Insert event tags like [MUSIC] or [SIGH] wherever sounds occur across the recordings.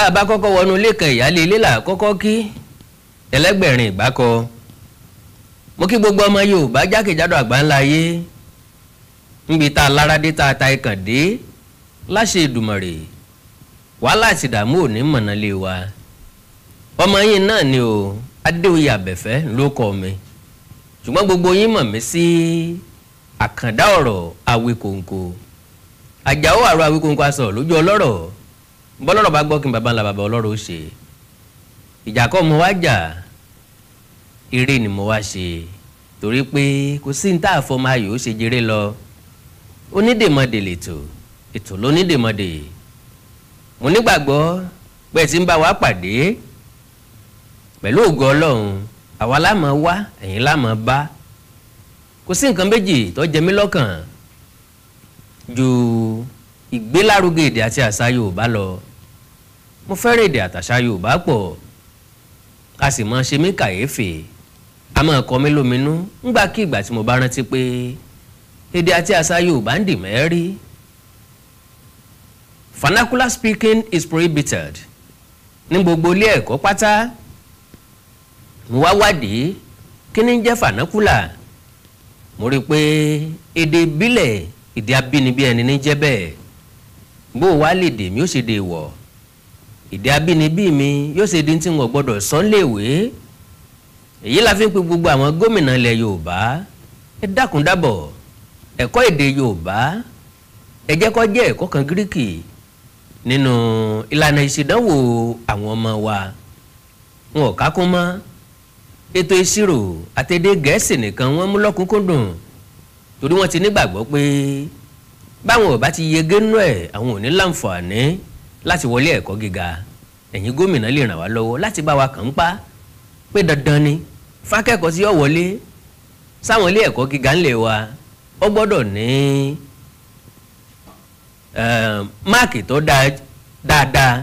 bá a bá kọ́kọ́ wọnú ilé kan ìyáálé ilé là kọ́kọ́ kí ẹlẹ́gbẹ̀rin ìbákọ mo kí gbogbo ọmọ Yorùbá jákèjádò àgbáńlá ayé níbi tá a láradé tá a ta ikàn dé láṣẹ Èdùmàrè wàhálà àti ìdààmú ò ní mọ̀nà lé wa ọmọ yín náà ni o Adéoyè Àbẹ̀fẹ́ ló kọ́ mi ṣùgbọ́n gbogbo yín mọ̀ mí sí àkàndá ọ̀rọ̀ Awíkòǹkò Àjàó àrò Awíkòǹkò asọ̀ lójú ọlọ́rọ̀ bọ́lọ́rọ̀ bá gbọ́ kí n bàbá ńlá bàbá ọlọ́rọ̀ ó ṣe ìjà kọ́ mo wá jà eré ni mo wá ṣe torí pé kò sí ní tá a fọmọ ayò ó ṣe jèrè lọ onídèmọdè lètò ètò lónídèmọdè mo nígbàgbọ́ pé tí ń bá wa pàdé pẹ̀lú ògo ọlọ́run àwa lámọ̀ wá ẹ̀yin lámọ̀ bá kò sí nǹkan méjì tó jẹ mí lọ́kàn ju ìgbélárugẹ èdè àti àṣà Yorùbá lọ mo fẹ́ràn èdè àtàṣà Yorùbá pọ̀ a sì máa ṣe mí kàyéfì a máa kọ mí lóminú ńgbàkigbà tí mo bá rántí pé èdè àti àṣà Yorùbá ń dì mẹ́rí. vernacular speaking is prohibited ní gbogbo ilé ẹ̀kọ́ pátá mo wá wádìí kí ni ń jẹ́ vernacular mo rí i pé èdè ìbílẹ̀ èdè abínibí ẹni ní jẹ́ bẹ́ẹ̀ bó o wá lè dè mí ó ṣe dè wọ̀ èdè abínibí mi yóò ṣe di tí wọn gbọ́dọ̀ sọ léèwé èyí la fi ń pe gbogbo àwọn gómìnà ilẹ̀ Yorùbá ẹ dákun dábọ̀ ẹ̀kọ́ èdè Yorùbá ẹ jẹ́ kó jẹ́ ẹ̀kọ́ kan Gíríkì nínú ìlànà ìṣèdánwò àwọn ọmọ wa wọn ò kákún mọ́ ètò ìṣirò àtẹ̀dé Gẹ̀ẹ́sì nìkan wọ́n mú lọ́kùnkúndùn torí wọ́n ti nígbàgbọ́ pé báwọn ò bá ti yege nú ẹ̀ àwọn ò ní láǹfààní láti wọlé ẹ̀kọ́ gíga ẹ̀yin gómìnà lè ràn wá lọ́wọ́ láti bá wa kàn ń pa pé dandan ni fákẹ́kọ̀ọ́ tí yọ wọlé sáwọn ilé ẹ̀kọ́ gíga ńlẹ̀ wa ó gbọ́dọ̀ ní eh, máàkì tó dáadáa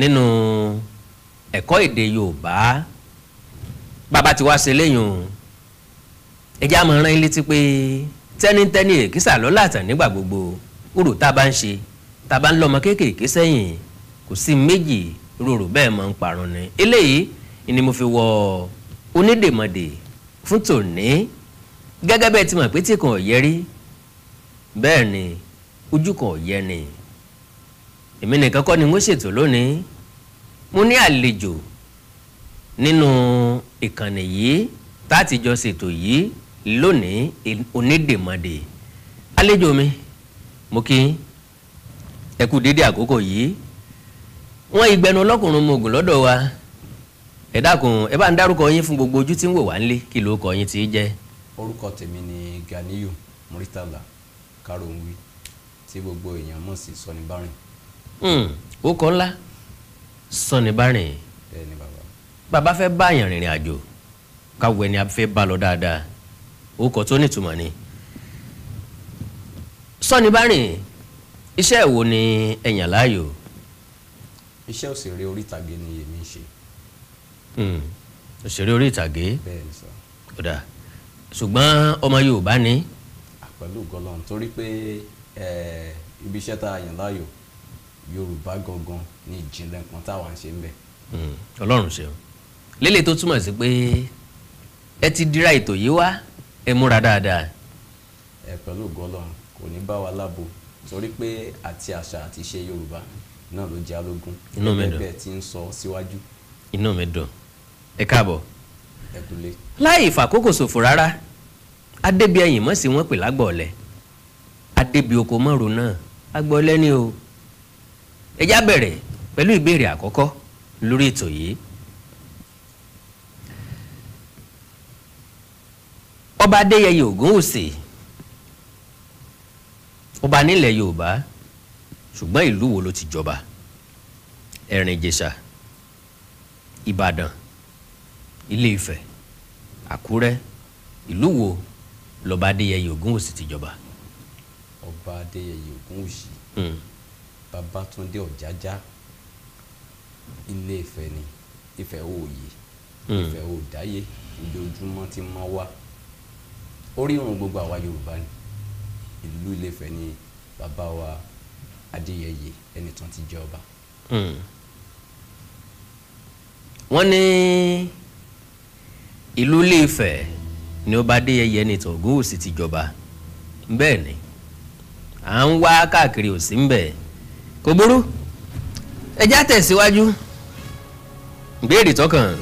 nínú ẹ̀kọ́ èdè Yorùbá bàbá tí wàá ṣe léyìn ẹjẹ́ àmọ́ rán in létí pé tẹ́nítẹ́ní èkìsà lọ́làtàn nígbà gbogbo kúrò tá a bá ń ṣe tàbá ń lọ ọmọ kéékèèké sẹ́yìn kò sí méjì rorò bẹ́ẹ̀ máa ń parun ni eléyìí ni mo fi wọ onídèmọ̀dè fún tòní gẹ́gẹ́ bẹ́ẹ̀ ti mọ̀ pé kan ò rí bẹ́ẹ̀ ni ojú kan ò yẹ ni èmi nìkan kọ́ ni wọ́n ṣètò lónìí mo ní àlejò nínú ìkànnì yìí táti jọ ṣètò yìí lónìí onídèmọ̀dè àlejò mi mo kí yín ẹ kú dédé àkókò yìí wọ́n ìgbẹ́nu ọlọ́kùnrin mọ̀gùn lọ́dọ̀ wa ẹ dákun ẹ bá ń dárúkọ yín fún gbogbo ojú tí ń wò wá nílé kí ló kọ yín ti jẹ́. orúkọ tèmi ni Ganiyu Muritala Karunwi tí gbogbo èèyàn mọ̀ sí Sọ̀ní Bárìn. Hmm, ó kọ́ ńlá Sọ̀ní ni bàbá. bàbá fẹ́ bá àyàn rìnrìn àjò káwọ ẹni a bá lọ dáadáa ó kọ́ tó nítumọ̀ ni. Sọ̀ní Bárìn iṣẹ́ wo ni ẹ yàn láàyò. iṣẹ́ òṣèré orí ìtàgé ni èmi ń ṣe. Hmm. òṣèré orí ìtàgé. bẹ́ẹ̀ni sọ. kódà ṣùgbọ́n ọmọ yorùbá ni. àpẹlú gọlọ́n torí pé ibi iṣẹ́ tá a yàn láàyò yorùbá gangan ni ìjìnlẹ̀ nǹkan táwa ń ṣe ń bẹ̀. Hmm. ọlọ́run ṣeun lélẹ̀ tó túmọ̀ sí pé ẹ ti dira ètò yìí wá ẹ múra dáadáa. ẹ pẹ̀lú gọlọ́n kò ní bá wa lábo torí pé àti àṣà àti ìṣe Yorùbá náà ló jẹ́ alógún inú mi dùn bẹ́ẹ̀ ti ń sọ síwájú. inú mi dùn ẹ káàbọ̀. ẹ kúlé. láì fàkókò ṣòfò rárá adébí ẹyìn mọ́ sí wọ́n pè lágbọ̀ọ́lẹ̀ adébí oko mọ́rò náà agbọ̀ọ́lẹ̀ ni o ẹ já bẹ̀rẹ̀ pẹ̀lú ìbéèrè àkọ́kọ́ lórí ètò yìí. ọba adéyẹyẹ ògúnwùsì ọba nílẹ̀ yorùbá ṣùgbọ́n ìlú wo ló ti jọba ẹ̀rìn ìjẹ̀ṣà ìbàdàn ilé ifẹ̀ àkúrẹ́ ìlú wo lọ́ba adéyẹyẹ ògúnwùsì ti jọba. ọba adéyẹyẹ ògúnwùsì hmm. babátúndé ọ̀jájá ilé ifẹ̀ ni ifẹ̀ òòyè hmm. ifẹ̀ òòdáyé ojoojúmọ́ ti mọ́ wá orí irun gbogbo àwa yorùbá ni ìlú Ilé-Ifẹ̀ ni bàbá wa Adéyẹyè ẹni tán ti jẹ ọba. Hmm. wọ́n ní ìlú Ilé-Ifẹ̀ ni ọba Adéyẹyè ẹni tán Ògúnwùsì ti jọba bẹ́ẹ̀ ni à ń wá káàkiri òsì ń bẹ̀ kò burú ẹ tẹ̀síwájú ìbéèrè tọkàn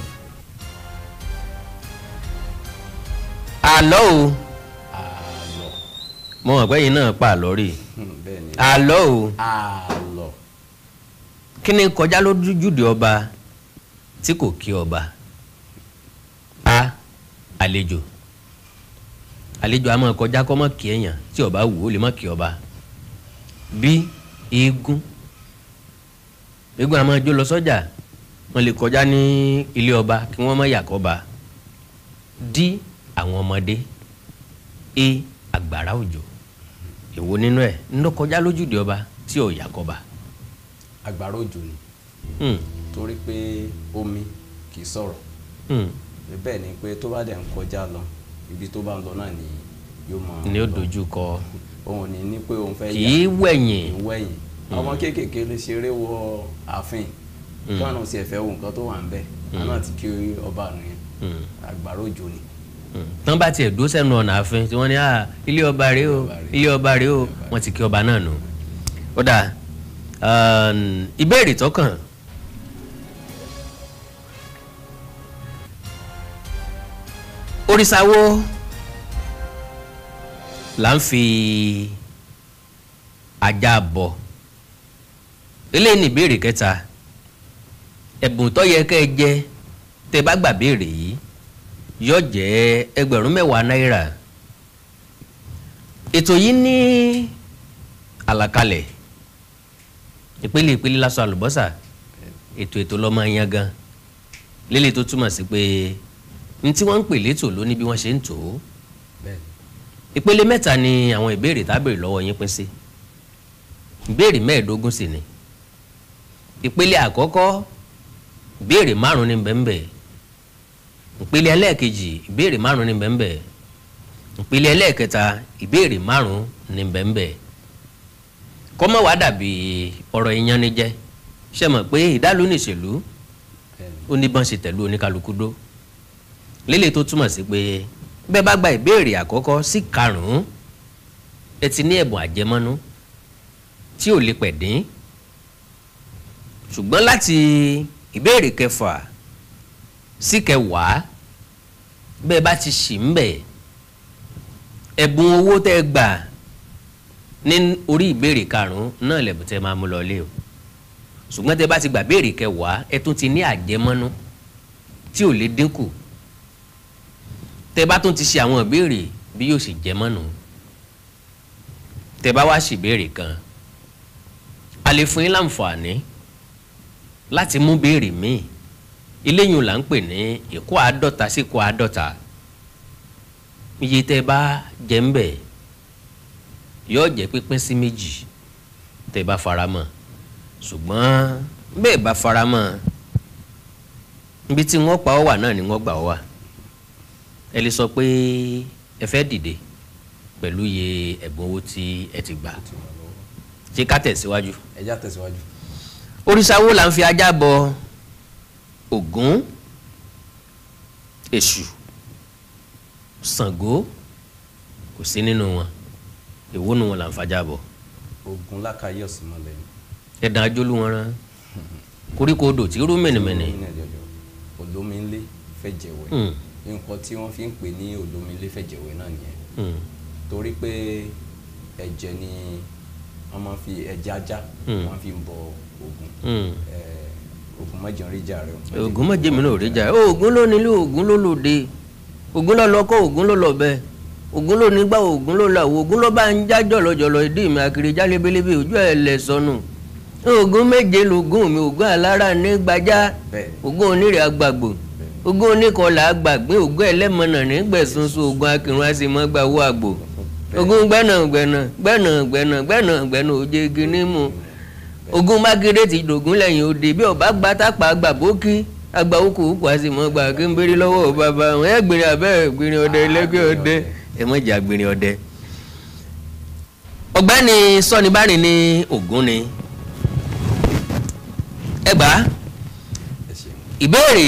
àlọ́ o mo mọ̀ pé náà pa àlọ́ rè hmm, àlọ́ o àlọ́ kí ni kọjá lójúde ọba tí kò kí ọba a àlejò àlejò a máa kọjá kọ́ mọ́ kí èèyàn tí ọba wù ó lè mọ́ kí ọba b eégún eégún a máa jó lọ sọ́jà wọ́n lè kọjá ní ilé ọba kí wọ́n má yàkọ́ d àwọn ọmọdé e àgbàrá òjò èwo nínú ẹ ńlọkọjá lójúde ọba tí ò yà kọba. agbára òjò ni hmm. torí pé omi kì í sọ̀rọ̀ hmm. bẹ́ẹ̀ ni pé tó bá dẹ̀ ń kọjá lọ ibi tó bá ń lọ náà ni yóò máa lọ ni ó dojú kọ òun ni ní pé òun fẹ́ yà kì í wẹ̀yìn wẹ̀yìn hmm. ọmọ kéékèèké lè ṣeré wọ ààfin káwọn ọ̀sẹ̀ fẹ́ wo nǹkan tó wà ń bẹ̀ àná ti kí ọba nìyẹn agbára òjò ni. Mm tán bá tiẹ̀ dó sẹ́nu ọ̀nà ààfin tí wọ́n ní ah, ilé ọba rèé o ilé ọba rèé o wọ́n ti kí ọba náà nù. ó dà um, ìbéèrè tọkàn òrìṣà là ń fi ajá bọ eléyìí ní ìbéèrè kẹta ẹ̀bùn tó yẹ kẹ́ ẹ jẹ tẹ́ bá gbà béèrè yìí yóò jẹ́ ẹgbẹ̀rún mẹ́wàá náírà ètò yìí ní àlàkalẹ̀ ìpele ìpele lásán àlùbọ́sà ètò ètò lọ́mọ yẹn gan lélẹ̀ tó túmọ̀ sí pé ní tí wọ́n ń pè létò lónìí bí wọ́n ṣe ń tò ó ìpele mẹ́ta ni àwọn ìbéèrè tábìrì lọ́wọ́ yín pín sí ìbéèrè mẹ́ẹ̀ẹ́dógún sì ni ìpele àkọ́kọ́ ìbéèrè márùn-ún ni bẹ́ẹ̀ bẹ́ẹ̀ ìpele ẹlẹ́ẹ̀kejì ìbéèrè márùn-ún ní bẹ́ẹ̀ ìpele ẹlẹ́ẹ̀kẹta ìbéèrè márùn-ún ní bẹ́ẹ̀ kọ́mọ̀ wá dàbí ọ̀rọ̀ ìyanijẹ́ ṣe mọ̀ pé ìdálú nìṣèlú ó ní bọ́n ṣe tẹ̀lú oníkálukú dó lélẹ̀ tó túmọ̀ sí pé bẹ́ẹ̀ bá gba ìbéèrè àkọ́kọ́ sí karùn-ún ẹ ti ní ẹ̀bùn àjẹmọ́nú tí ò lè pẹ̀dín ṣùgbọ́n láti ìbéèrè kẹfà sí kẹwàá bẹ́ẹ̀ bá ti ṣì ń bẹ̀ ẹ̀bùn owó tẹ́ gbà ní orí ìbéèrè karùn-ún náà lẹ́bùn tẹ́ máa mú lọ lé o ṣùgbọ́n tẹ́ bá ti gbà béèrè kẹwàá ẹ tún ti ní àjẹmọ́nú tí ò lè dínkù tẹ́ bá tún ti ṣe àwọn ìbéèrè bí yóò ṣe jẹmọ́nú tẹ́ bá wá ṣèbéèrè kan a lè fún yín láǹfààní láti mú béèrè míì eléyìí là ń pè ní ìkó àádọ́ta sí ìkó àádọ́ta iye tẹ́ bá jẹ ń bẹ̀ yóò jẹ́ pípín sí méjì tẹ́ bá faramọ́ ṣùgbọ́n bẹ́ẹ̀ bá faramọ́ níbi tí wọ́n pa ọ́ wà náà ni wọ́n gbà ọ́ wà ẹ lè sọ pé ẹ fẹ́ dìde pẹ̀lú iye ẹ̀bùn owó tí ẹ ti gbà ṣé ká tẹ̀síwájú. ẹ tẹ̀síwájú. òrìṣà là ń fi ajá bọ. Ògún Èṣù Ṣàngó kò sí nínú wọn èwo nu wọn là ń fàjà bọ̀. Ògún lákàyè ọ̀sìn mọ́lẹ̀. ẹ̀dá ajólú wọn rán koríko odò tí rú mẹ̀nìmẹ̀nì. olómìnlé fẹ́ jẹ̀wẹ̀ hmm. nǹkan tí wọ́n fi ń pè ní olómìnlé fẹ́ jẹ̀wẹ̀ náà nìyẹn hmm. torí pé ẹ̀jẹ̀ ni wọ́n máa fi ẹ̀jẹ̀ ajá hmm. wọ́n fi ń bọ Ògún. ẹ̀ẹ́ ogun má jẹun rí jà rẹ. ogun má jẹun rí jà rẹ ogun ló nílé ogun ló lòde ogun lọ lọkọ ogun ló lọbẹ ogun ló nígbà ogun ló làwọ ogun ló bá ń já jọlọjọlọ ìdí mi àkèrè jálẹ belebe ojú ẹ lẹ sọnù ogun méje lógún mi ogun alára ní gbajá ogun onírè agbàgbò ogun oníkọlà agbàgbé ogun ẹlẹmọnà ní gbẹsùnsù ogun akirun àsìmọgbà wọ àgbò ogun gbẹnà gbẹnà gbẹnà gbẹnà gbẹnà gbẹnà òjègì nímú. ogun mákindé ti dògún lẹ́yìn òde bí ọba gba tápà gbà bókí àgbà òkú òkú àti mọ́ gbà kéńbéré lọ́wọ́ bàbá àwọn ẹgbẹ̀rin abẹ́ ẹgbẹ̀rin ọdẹ ẹlẹ́gbẹ̀ ọdẹ ẹ mọ̀ ọdẹ. ọ̀gbẹ́ni sọ́nibárìn ní ògún ni ẹ gbà á ìbéèrè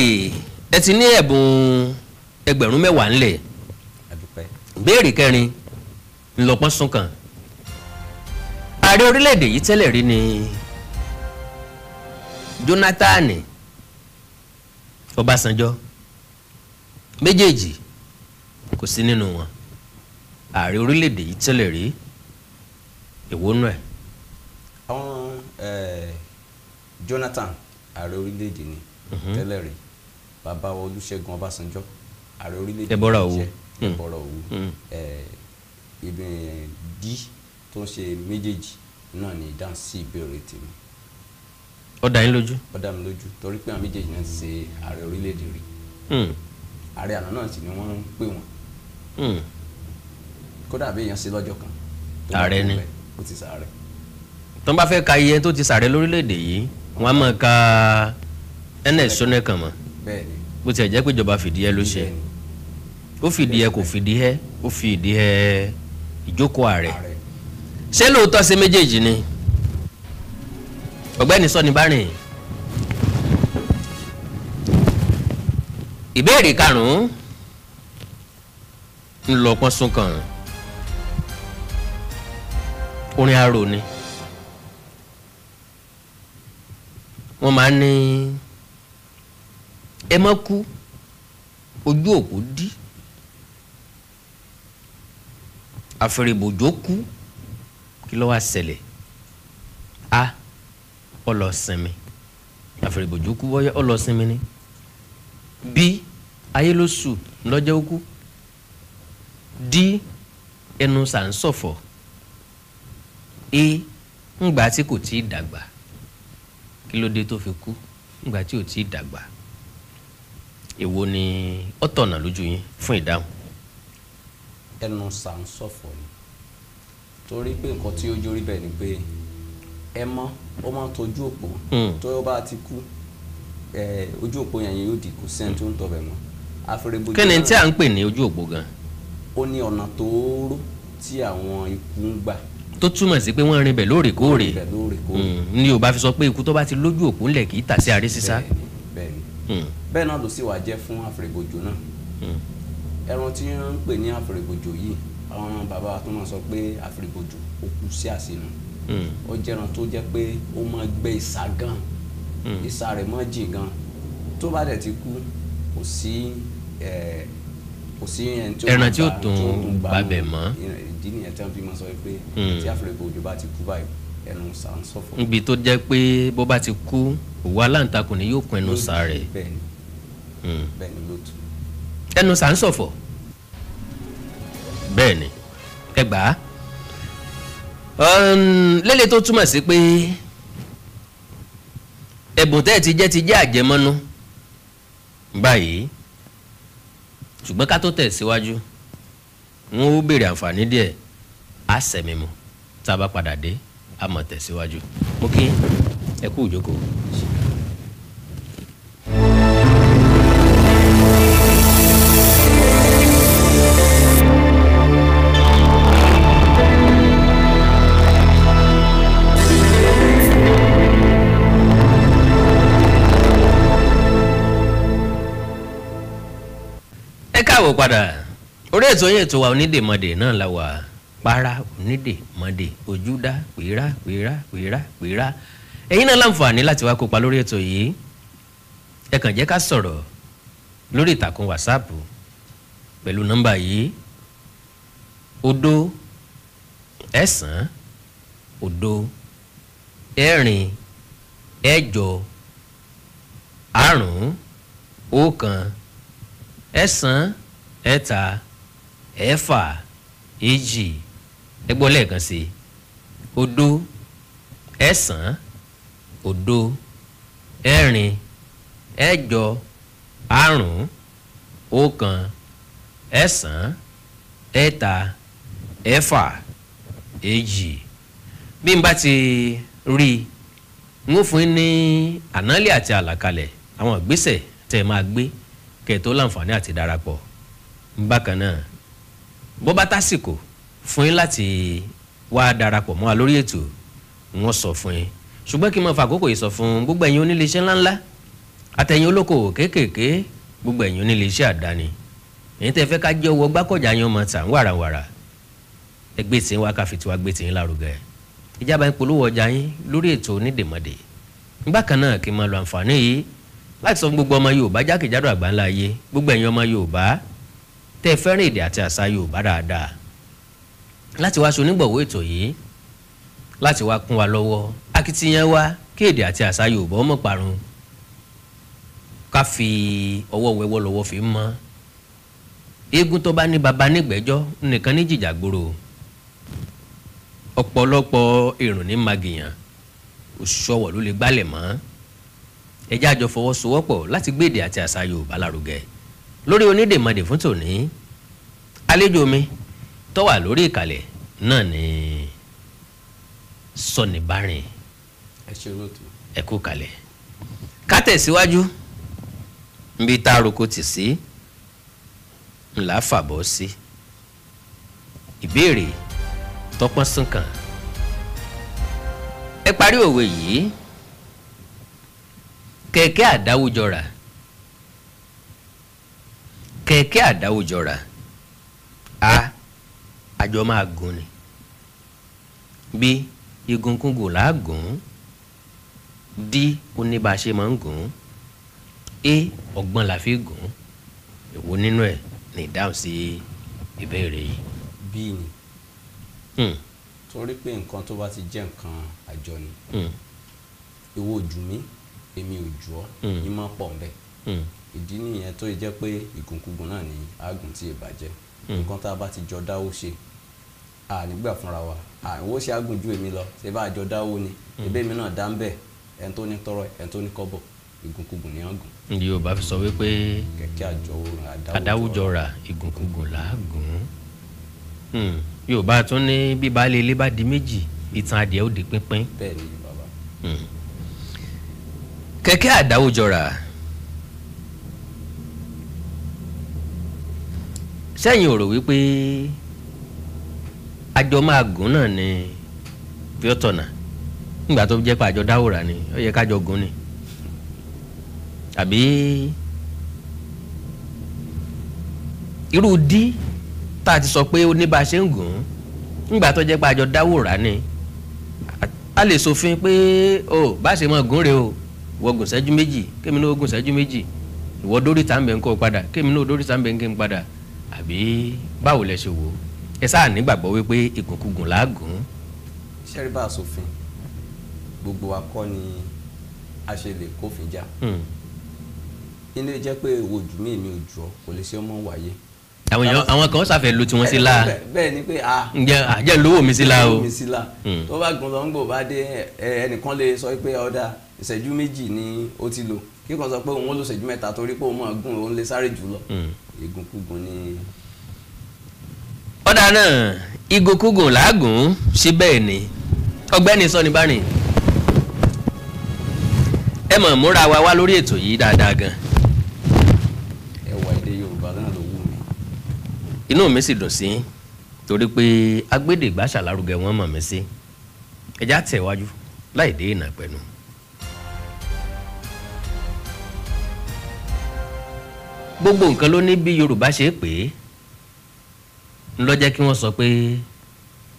ẹ ti ní ẹ̀bùn ẹgbẹ̀rún mẹ́wàá ńlẹ̀ ìbéèrè kẹrin ńlọpọ́n sún kan ààrẹ orílẹ̀-èdè yìí tẹ́lẹ̀ rí ni. Jonathan Ọbásanjọ́ méjèèjì kò sí nínú wọn ààrẹ orílẹ̀-èdè yìí tẹ́lẹ̀ rí èwo nù ẹ̀. àwọn Jonathan ààrẹ orílẹ̀-èdè ni mhm. tẹ́lẹ̀ rí bàbá Olúṣẹ́gun Ọbásanjọ́ ààrẹ orílẹ̀-èdè ẹ̀bọ̀rọ̀ òwú ẹ̀bọ̀rọ̀ òwú ìbìrìn dí tó ń ṣe méjèèjì náà ni ìdáhùn sí ìbéèrè tèmi ó dá yín lójú. ó dá mi lójú torí pé àwọn méjèèjì náà ti ṣe ààrẹ orílẹ̀-èdè rí hmm. ààrẹ àná náà sì ni wọ́n ń pè wọ́n hmm. kódà bí èèyàn ṣe lọ́jọ́ kan ààrẹ ni ó ti ṣàárẹ̀. tó ń bá fẹ́ ka iye tó ti ṣàárẹ̀ lórílẹ̀‐èdè yìí wọ́n á máa ka ns sọ́nẹ́ kan mọ́ bó tiẹ̀ jẹ́ pé ìjọba fìdí ẹ ló ṣe ó fìdí ẹ kò fìdí ẹ ó fi ìdí ẹ ìjókòó ààrẹ ṣé lóòótọ́ ṣe méjèèjì ni. Bẹ́ẹ̀ni ọ̀gbẹ́ni sọ ní bárìn. ìbéèrè karùn-ún ń lọ pọ́n sún kàn orin arò ni wọ́n máa ń ní ẹ mọ́ kú ojú òkú dí àfẹrẹ̀bòjò kú kí ló wá ṣẹlẹ̀ a. Ah ó lọ sinmi àfẹrẹgbòjú kú wọ́yẹ́ ó lọ sinmi ni bí ayé ló sù lọ́jọ́ d ẹnu e ńgbà tí kò tí ì dàgbà kí ló dé tó fi kú ńgbà tí ò tí ì dàgbà èwo ni ó lójú yín fún ìdáhùn. ẹnu ni torí pé nǹkan tí ó jórí bẹ́ẹ̀ ni pé. Pe ẹmọ ó máa ń tọ́jú òpó hmm. tó bá ti kú ojú òpó yẹn yóò di kò sẹ́ni tó ń tọbẹ̀ mọ́ afẹ́rẹ́bójú náà kí ni tí à ń pè ní ojú òpó gan. ó ní ọ̀nà tóóró tí àwọn ikú ń gbà. tó túmọ̀ sí pé wọ́n rin bẹ̀ lóòrèkóòrè hmm. ni Yorùbá fi sọ pé ikú tó bá ti lójú òpó ńlẹ̀ kì í tà sí aré sísá. Hmm. bẹ́ẹ̀ náà ló sì wàá jẹ́ fún afẹ́rẹ́bójú náà ẹran tí wọ́n ń pè ní afẹ́rẹ́bójú yìí àwọn bàbá tó máa sọ pé afẹ́rẹ́bójú ó sí àsínú. Mm. ó jẹran tó jẹ́ pé ó máa gbẹ ìsà gan mm. ìsà rẹ̀ máa jìn gan tó bá dẹ̀ ti kú kò sí kò sí ẹni tí ó ẹran tí ó tún gbàbẹ̀ mọ́ ìdí nìyẹn tí wọ́n fi máa sọ pé mm. tí àfẹ́rẹ́ bòjú bá ti kú báyìí ẹnu sà ń sọ̀fọ̀. níbi tó jẹ́ pé bó bá ti kú òwú aláǹtakùn ni yóò kún ẹnu rẹ̀. bẹ́ẹ̀ni ló tu. ẹnu sà ń sọ̀fọ̀ bẹ́ẹ̀ni ẹgbàá lélẹ̀ tó túmọ̀ sí pé ẹ̀bùn tẹ́ ẹ̀ ti jẹ́ ti jẹ́ àjẹmọ́nú báyìí ṣùgbọ́n ká tó tẹ̀ síwájú wọn ó béèrè àǹfààní díẹ̀ á sẹ̀mí mu tá a bá padà dé a mọ̀ tẹ̀síwájú mo kí ẹ kú ìjókòó. káàbọ̀ padà orí ètò yẹn ètò wa onídèmọdè náà la wà para onídèmọdè ojúdá pèrà pèrà pèrà pèrà ẹ̀yin náà láǹfààní láti wá kópa lórí ètò yìí ẹ kàn jẹ́ ká sọ̀rọ̀ lórí ìtàkùn wàsáàpù pẹ̀lú nọ́mbà yìí òdo ẹ̀sán òdo ẹ̀rin ẹ̀jọ àrún ọ̀kan ẹ̀sán ẹ̀ta ẹ̀fà èjì ẹgbọ́n lẹ́ẹ̀kan sí òdo ẹ̀sán òdo ẹ̀rin ẹ̀jọ àrún ọ̀kan ẹ̀sán ẹ̀ta ẹ̀fà èjì bí n bá ti rí i n ó fún yín ní ànálẹ́ àti àlàkalẹ̀ àwọn ìgbésẹ̀ tẹ́ máa gbé kẹ́ láǹfààní àti darapọ̀ bákan náà bó bá tásìkò fún yín láti wá darapọ̀ mọ́ a lórí ètò wọ́n sọ fún yín ṣùgbọ́n kí n mọ fàkókò yìí sọ fún gbogbo ẹ̀yin oníléeṣẹ́ ńláńlá àtẹ̀yin olókoòwò kéékèèké gbogbo ẹ̀yin oníléeṣẹ́ àdáni èyí tẹ́ fẹ́ ká jẹ́ owó gbákọ̀jà yín ọmọ tà ń wàràwàrà ẹgbẹ́ tí ń wá káfí tí wá gbé tí ń lárugẹ ìjábá ń polówó ọjà yín lórí ètò onídèmọ̀dè bákan náà kí n máa lo àǹfààní yìí láti sọ fún gbogbo ọmọ Yorùbá jákèjádò àgbáńlá ayé gbogbo ẹ̀yin ọmọ Yorùbá tẹ́ ẹ fẹ́ràn èdè àti àṣà Yorùbá dáadáa láti wá ṣonígbọ̀wọ́ ètò yìí láti wá kún wa lọ́wọ́ akitiyan wa kí èdè àti àṣà Yorùbá ọmọ parun ká fi ọwọ́ wẹwọ́ lọ́wọ́ fi mọ́ eégún tó bá ní baba nígbẹ́jọ́ nìkan ní jìjàgboro ọ̀pọ̀lọpọ̀ èrùn ní magìyàn òṣùṣọ́wọ̀ ló lè gbálẹ̀ mọ́ ẹjẹ́ àjọ fọwọ́sowọ́pọ̀ láti gbé èdè àti àṣà Yorùbá lárugẹ lórí onídèmọdè fún tòní àlejò mi tó wà lórí ìkàlẹ̀ náà ni Sunny Barry ẹ kú kalẹ̀ ká tẹ̀síwájú nbí tá a roko tì sí ńlá fàbọ̀ sí ìbéèrè tọpọ́n sùnkàn ẹ parí òwe yìí kẹ̀kẹ́ àdáwùjọra kẹ̀kẹ́ àdáwòjọra a àjọ máa gùn ni b igunkungun là á gùn d oníbaṣe máa ń gùn e ọgbọ́n la fi gùn èwo nínú ẹ̀ ní ìdáhùn sí ìbéèrè yìí. b ni hmm. torí pé nǹkan tó bá ti jẹ́ nǹkan àjọ ni ìwọ ojú mi èmi ojú ọ hmm. ìmọ̀ pọ̀ ń ìdí nìyẹn tó jẹ́ pé ìgùnkùgùn náà ni àgùn tí ìbàjẹ́ hmm. nǹkan tá a bá ti jọ dáwó ṣe à nígbà fúnra wa àwọn ṣe àgùn ju èmi lọ ṣe bá àjọ dáwó ni hmm. ebe mi náà dá ń bẹ̀ ẹni tó ní tọrọ ẹni tó ní kọ́bọ̀ ìgùnkùgùn ni àgùn. ní Yorùbá fi sọ wípé kẹ̀kẹ́ àdáwùjọ ra ìgùnkùgùn làágùn hmm. Yorùbá tún ní bíbalẹ̀ ilé bá di méjì ìtàn adìẹ ó di pínpín. bẹ́ẹ̀ ni bàbá. àdáwùjọ ra. sẹ́yìn ò rò wípé àjọ máa gùn náà ni bí ó tọ̀nà nígbà tó jẹ́ pé àjọ dáwòrà ni ó yẹ kájọ gùn ni àbí irú dí tá a ti sọ pé ó ní bá a ṣe ń gùn nígbà tó jẹ́ pé àjọ dáwòrà ni a lè ṣòfin pé o bá a ṣe máa gùn rè o wọ́n gùn ṣẹ́jú méjì kémi náà ó gùn ṣẹ́jú méjì ìwọ dórí tá ń bẹ̀ ń padà kémi náà ó dórí tá ń bẹ̀ ń padà àbí báwo lẹ ṣe wò ó ẹ sáà nígbàgbọ́ wípé ìgùnkùgùn làágùn. sẹ́rí bá a sòfin gbogbo wa kọ́ ni a ṣe lè kófin já hmm. inú jẹ́ pé wo jù mí mi ò jù kò lè ṣe ọmọ wáyé. àwọn èèyàn àwọn kan ṣàfẹ́ lu tiwọn sí la bẹ́ẹ̀ ni pé a ǹjẹ́ àjẹ́ lówó mi sí la o mi sí la hmm. tó bá gbọ́n lọ́ngbò bá dé ẹnìkan lè sọ pé ọ̀dà ìṣẹ́jú méjì ni ó ti lò kíkan sọ pé òun ó lò ìṣẹ́jú mẹ́ta torí pé òun máa gùn òun lè sáré jù lọ hmm. egunkugun ni. ọ̀dà náà igunkugun làágùn ṣe ni ọgbẹ́ni sọ ní bárìn ẹ mọ̀ múra wa wá lórí ètò yìí dáadáa gan. ẹwà èdè Yorùbá náà ló wù mí. inú mi sì dùn sí torí pé agbẹ́dẹ̀gbàṣà lárugẹ wọn mọ̀ mí sí gbogbo nǹkan ló ní bí yorùbá ṣe pè é ńlọ jẹ́ kí wọ́n sọ pé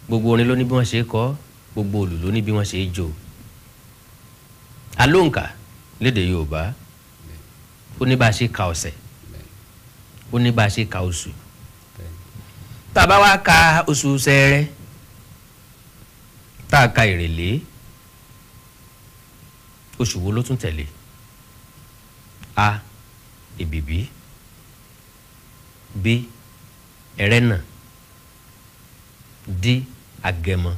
gbogbo orin ló ní bí wọ́n ṣe kọ gbogbo òlù ló ní bí wọ́n ṣe jó alóǹkà lédè yorùbá ó ní bá a ṣe ka ọ̀sẹ̀ ó ní bá a ṣe ka oṣù tá a bá wá ka oṣù Ṣẹẹrẹ tá a ka Èrèlé oṣù wo ló tún tẹ̀lé a Èbìbí. E b ẹrẹ́nà d agẹmọ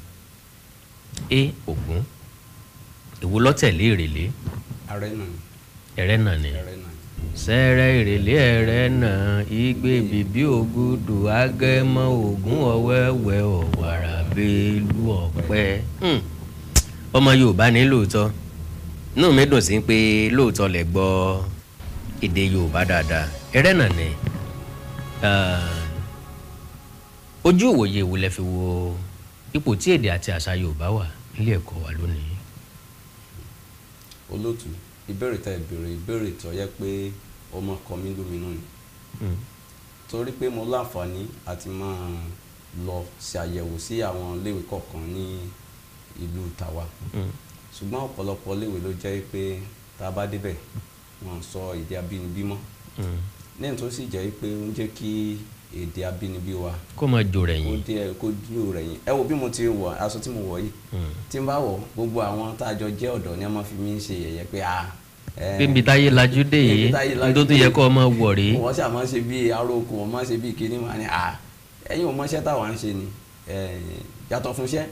e ògún èwo ló tẹ̀lé ìrèlé. ẹrẹ́nà ni. ẹrẹ́nà ni. ẹrẹ́nà ni ìrèlé ẹ̀rẹ́ náà igbe bìbí ògùdù agẹ́mọ ògún ọ̀wẹ́wẹ́ ọ̀wàrà bẹ́ẹ̀lú ọ̀pẹ. Hmm. ọmọ yorùbá ní lóòótọ́ inú mi dùn sí pé lóòótọ́ lè gbọ́ èdè yorùbá dáadáa ẹ̀rẹ́ náà ni. ojú ìwòye ìwò lẹ fi wo ipò tí èdè àti àṣà Yorùbá wà nílé ẹ̀kọ́ wa lónìí. olótú ìbéèrè tá ìbéèrè ìbéèrè tó yẹ pé ọmọ kan mi lóminú ni hmm. torí pé mo láǹfààní àti máa lọ ṣàyẹ̀wò sí àwọn iléèwé kọ̀ọ̀kan ní ìlú tàwa hmm. ṣùgbọ́n ọ̀pọ̀lọpọ̀ iléèwé ló jẹ́ pé tá a bá débẹ̀ wọ́n sọ èdè abínibí mọ́. Hmm lẹ́yìn tó sì jẹ́ pé ó ń jẹ́ kí èdè abínibí wa. kó máa jò rẹ̀ yín. kó dé kó jò rẹ̀ yín ẹ wo bí mo ti wọ aṣọ tí mo wọ yìí. Hmm. tí n bá wọ gbogbo àwọn tá a jọ jẹ́ ọ̀dọ́ ni a máa fi mí ṣe yẹ̀yẹ́ pé a. Ah, bíbi táyé lajú dé yìí nítorí tó yẹ kó o máa wọ̀ rèé. wọ́n ṣáà máa ṣe bíi aróko wọ́n máa ṣe bíi kíní wọn ni a ah, ẹ̀yin ò mọṣẹ́ táwa ń ṣe ni yàtọ̀ fún iṣẹ́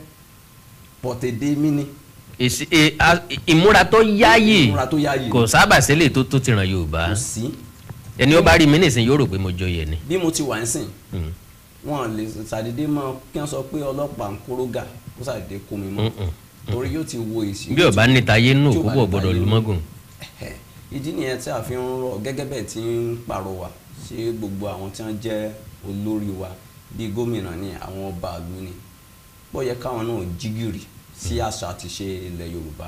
pọ̀tẹ́dé mí ni e, ìmúra tó yáyì kò sábà sílẹ̀ tó tó ti ràn Yorùbá. kò sí ẹni ó bá rí mi nísìn yóò rò pé mo joyè ni. bí mo ti wà nísìn hmm. wọn lè ṣàdédé mọ kí wọn sọ pé ọlọ́pàá ń kórógà kó ṣàdédé kó mi mọ hmm, hmm, torí yóò ti wo èsì. bí ọba níta yé nù òkú bò gbọ́dọ̀ lù ìdí nìyẹn tí a fi ń rọ gẹ́gẹ́ bẹ́ẹ̀ tí ń pàrọwà ṣé gbogbo àwọn tí wọ́n jẹ́ olórí wa bíi gómìnà ni àwọn ọba ìlú ni bó yẹ káwọn náà jígìrì sí àṣà àti ṣe ilẹ̀ yorùbá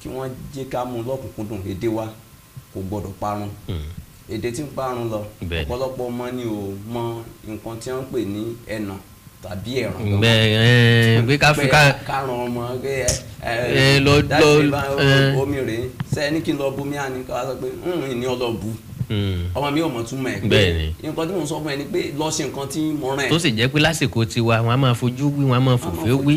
kí wọ́n jẹ́ ká mú lọ́kùnkúndùn èdè wa kò gbọ́dọ̀ parun. Mm èdè tí ń parun lọ ọ̀pọ̀lọpọ̀ ọmọ ni ò mọ nǹkan tí wọ́n ń pè ní ẹ̀nà tàbí ẹ̀ràn lọ́wọ́ pé ká fi ká ràn ọmọ pé ẹ ẹ lọ lọ omi rèé ṣe ẹni kí n lọ bu mi àní ká sọ pé ìní ọlọ bu hmm. ọmọ mi ò mọ̀ túmọ̀ ẹ̀ pé nǹkan tí mò ń sọ fún ẹ ni pé lọ ṣe nǹkan tí mo rán ẹ. tó sì jẹ́ pé lásìkò tiwa wọn a máa fojú wí wọn a máa fòfé wí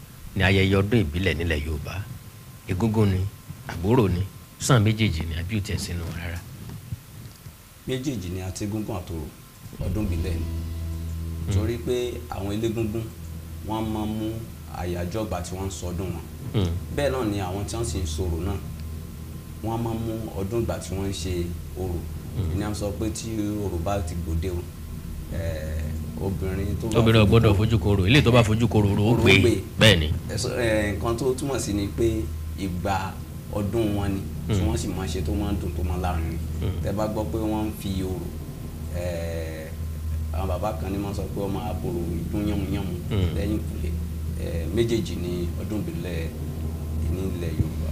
Ni ayẹyẹ ọdún ìbílẹ̀ nílẹ̀ yorùbá egúngún ni àgbòrò ni sàn méjèèjì ni àbí òtẹ̀ sínú rárá. méjèèjì ni àti egúngún àtòrò ọdún ìbílẹ̀ ni hmm. torí pé àwọn elégúngún wọ́n máa mú àyájọ́gba tí wọ́n ń sọdún wọn hmm. bẹ́ẹ̀ náà ni àwọn tí wọ́n sì ń sòrò náà wọ́n máa mú ọdún tí wọ́n ń ṣe orò hmm. ni a sọ pé tí orò bá ti gbòde ẹ̀ẹ́ obìnrin tó bá obìnrin ọgbọ́dọ̀ fojú koro ilé tó bá fojú koro ro ó gbé bẹ́ẹ̀ ni. nǹkan tó túmọ̀ sí ni pé ìgbà ọdún wọn ni tí hmm. wọ́n sì máa ṣe tó máa ń dùn tó máa láàrin hmm. tẹ́ bá gbọ́ pé wọ́n ń fi orò àwọn bàbá kan ní wọ́n sọ pé wọ́n máa borò ìdún yánmuyánmu hmm. lẹ́yìn ìkùlé méjèèjì ni ọdún ìbílẹ̀ nílẹ̀ Yorùbá.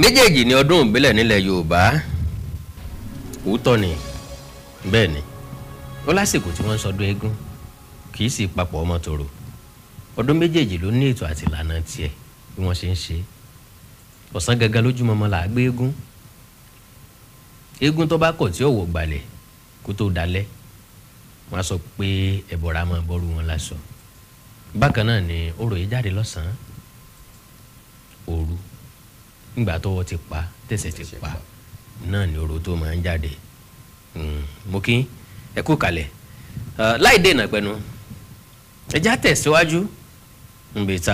méjèèjì ni ọdún ìbílẹ̀ nílẹ̀ Yorùbá òótọ́ ni bẹ́ẹ̀ ni ó lásìkò tí wọ́n ń sọdún eégún kì í sì papọ̀ ọmọ tòrò ọdún méjèèjì ló ní ètò àti ìlànà tiẹ̀ bí wọ́n ṣe ń ṣe ọ̀sán gangan lójúmọmọ là á gbé eégún eégún tó bá kọ̀ tí ò wò gbalẹ̀ kó tó dalẹ̀ wọ́n á sọ pé ẹ̀bọ̀ra máa bọ́rù wọn láṣọ bákan náà ni orò yìí jáde lọ́sàn-án òru nígbà tọ́wọ́ ti pa tẹ̀sẹ̀ ti pa náà ni orò tó máa ń jáde mọ́kín. Hmm, mm. ẹ kú kalẹ̀ láì dènà pẹ̀nu ẹjá tẹ̀síwájú nbẹ tá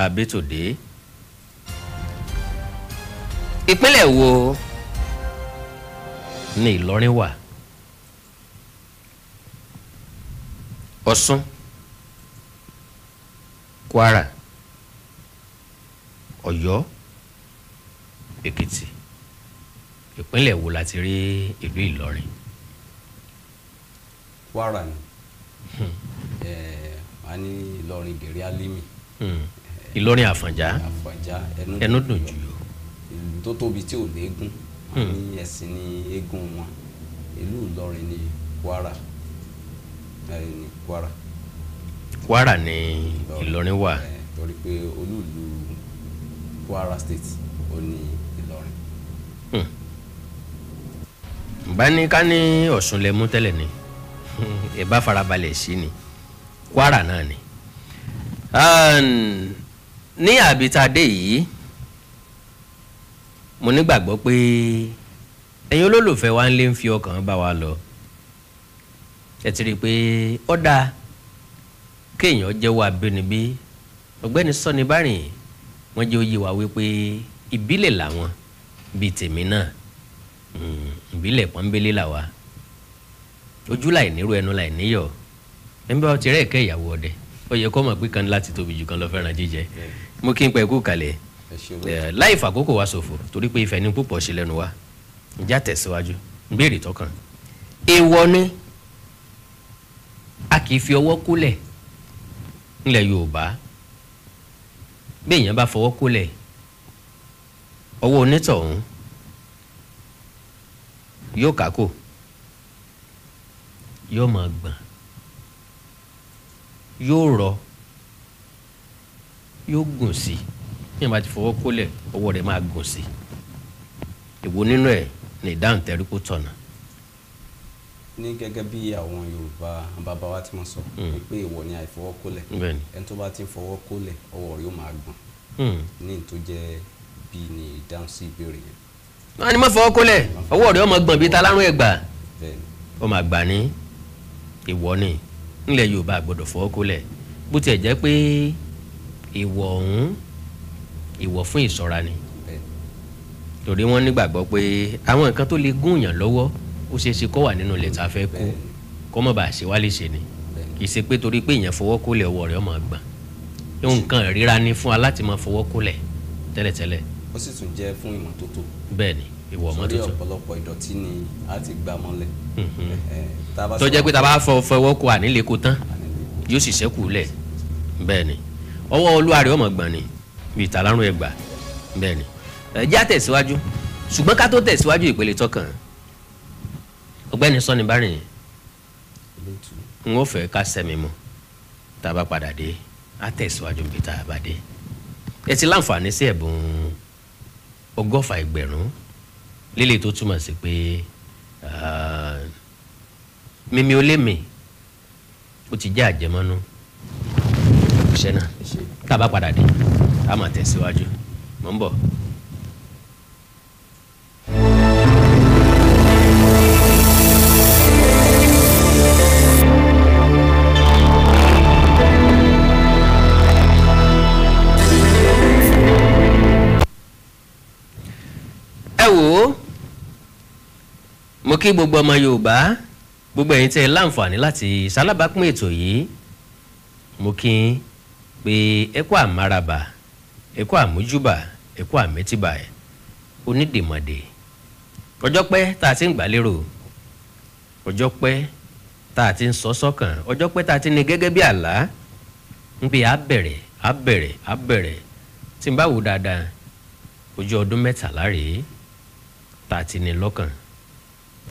a wo ni Ìlọrin wà Ọ̀ṣun Kwara ọyọ Èkìtì ìpínlẹ̀ wo la ti rí ìlú Ìlọrin. kwara ni hmm. eh, a ní ìlọrin gèrè alimi. Hmm. Eh, ìlọrin àfọ̀njá ẹnu dùn jù yó. ìlú tó tóbi tí ò léegun a hmm. ní ẹ̀sìn ní eégún wọn ìlú ìlọrin ní kwara eh, ní kwara. kwara ni ìlọrin wà. torí pé olú ìlú kwara state ó ní ìlọrin. bá ní ká ní ọ̀sùn lẹ tẹ́lẹ̀ ni. Hmm ẹ bá farabalẹ̀ sí ni Kwara náà ni. ní àbítadé yìí mo nígbàgbọ́ pé ẹ̀yin olólùfẹ́ wa ń lé ń fi ọkàn bá wa lọ ẹ ti rí i pé ó dáa kéèyàn jẹ́wọ́ abínibí ọ̀gbẹ́ni sọ́ni bárìn wọ́n jẹ́ òye wa wípé ìbílẹ̀ làwọn bíi tèmi náà hmm, ìbílẹ̀ pọ́nbélé làwa. ojú láì nírú ẹnu láì níyọ̀ ẹnbẹ́ ọ ti rẹ́ ẹ̀kẹ́ ìyàwó ọdẹ ó yẹ kó mọ̀ pé kan láti tóbi jù kan lọ fẹràn jíjẹ mo kí n pẹ́ kú kalẹ̀ láì fàkókò wa ṣòfò torí pé ìfẹ́ ní púpọ̀ ṣe lẹ́nu wa ìjà tẹ̀síwájú ìbéèrè tọkàn. èèwọ̀ ni a kì í fi ọwọ́ kólẹ̀ ńlẹ̀ Yorùbá bí èèyàn bá fọwọ́ kólẹ̀ ọwọ́ onítọ̀hún yóò kákò. yóò máa gbọ̀n yóò rọ yóò gùn sí yíyan bá ti fọwọ́ kólẹ̀ ọwọ́ rẹ̀ máa gùn sí èwo nínú ẹ̀ ní ìdáhùn tẹ́rí kó tọ̀nà. ní gẹ́gẹ́ bí àwọn Yorùbá bàbá wa ti mọ̀ sọ hmm. pé ìwọ ni àìfọwọ́ kólẹ̀ ẹni tó bá ti fọwọ́ kólẹ̀ ọwọ́ rẹ̀ yóò máa gbọ̀n hmm. ní tó jẹ́ bí ní ìdáhùn sí ìbéèrè yẹn. wọ́n á ní má fọwọ́ ọwọ́ rẹ̀ ọmọ gbọ̀n bíi ta lárùn ọmọ àgbà ni ìwọ ni ńlẹ̀ yorùbá gbọ́dọ̀ fọwọ́ kólẹ̀ bó tiẹ̀ jẹ́ pé ìwọ̀ ọ̀hún ìwọ̀ fún ìṣọ́ra ni torí wọ́n nígbàgbọ́ pé àwọn nǹkan tó lè gún yàn lọ́wọ́ ó ṣeé ṣe kó wà nínú ilẹ̀ tá a fẹ́ kó kó mọ̀ bá a ṣe wá lè ṣe ni kì í ṣe pé torí pé èèyàn fọwọ́ kólẹ̀ ọwọ́ rẹ̀ ọmọ gbọ̀n ohun kan ríra ni fún aláti máa fọwọ́ kólẹ̀ tẹ́lẹ̀tẹ́lẹ̀. ó sì tún jẹ́ fún ìmọ́tótó. bẹ́ẹ̀ ni ìwọ ọmọ tuntun. sórí ọ̀pọ̀lọpọ̀ ìdọ̀tí ni a ti gbà mọ́lẹ̀. Mm-hmm. Eh, eh, tó jẹ́ pé tá a bá fọ fọwọ́ kó àníléko tán yóò sì ṣẹ́kù lẹ̀ bẹ́ẹ̀ ni ọwọ́ olúwarẹ̀ ọmọ gbọ̀n ni bíi tàlárùn ẹgbà bẹ́ẹ̀ ni ẹjẹ́ àtẹ̀síwájú ṣùgbọ́n ká tó tẹ̀síwájú ìpele tọkàn ọgbẹ́ni sọ́ni bá rìn n ó fẹ́ ká sẹ́mi mọ́ tá a bá padà dé àtẹ̀síwájú bíi tá a bá dé ẹ ti láǹfààní sí ẹ̀bùn ọgọ́fà ẹgbẹ̀rún lélẹ̀ tó túmọ̀ sí pé mímí ó lé mi ó ti jẹ́ àjẹmọ́nú iṣẹ́ náà tá a bá padà dé a máa tẹ̀síwájú mò ń bọ̀. ẹ wò ó kí gbogbo ọmọ Yorùbá gbogbo ẹ̀yin tẹ́ ẹ láǹfààní láti sálábàápín ètò yìí mo kí n pé ẹ kú àmárabà ẹ kú àmójúbà ẹ kú àmẹ́tìbà onídèmọ̀dè ọjọ́ pẹ́ tá a ti ń gbà lérò ọjọ́ pẹ́ tá a ti ń sọ sọ́kàn ọjọ́ pẹ́ tá a ti ní gẹ́gẹ́ bí àlá ń pè á bẹ̀rẹ̀ á tí n bá wò dáadáa ojú ọdún mẹ́tàlá rèé tá a ti ní lọ́kàn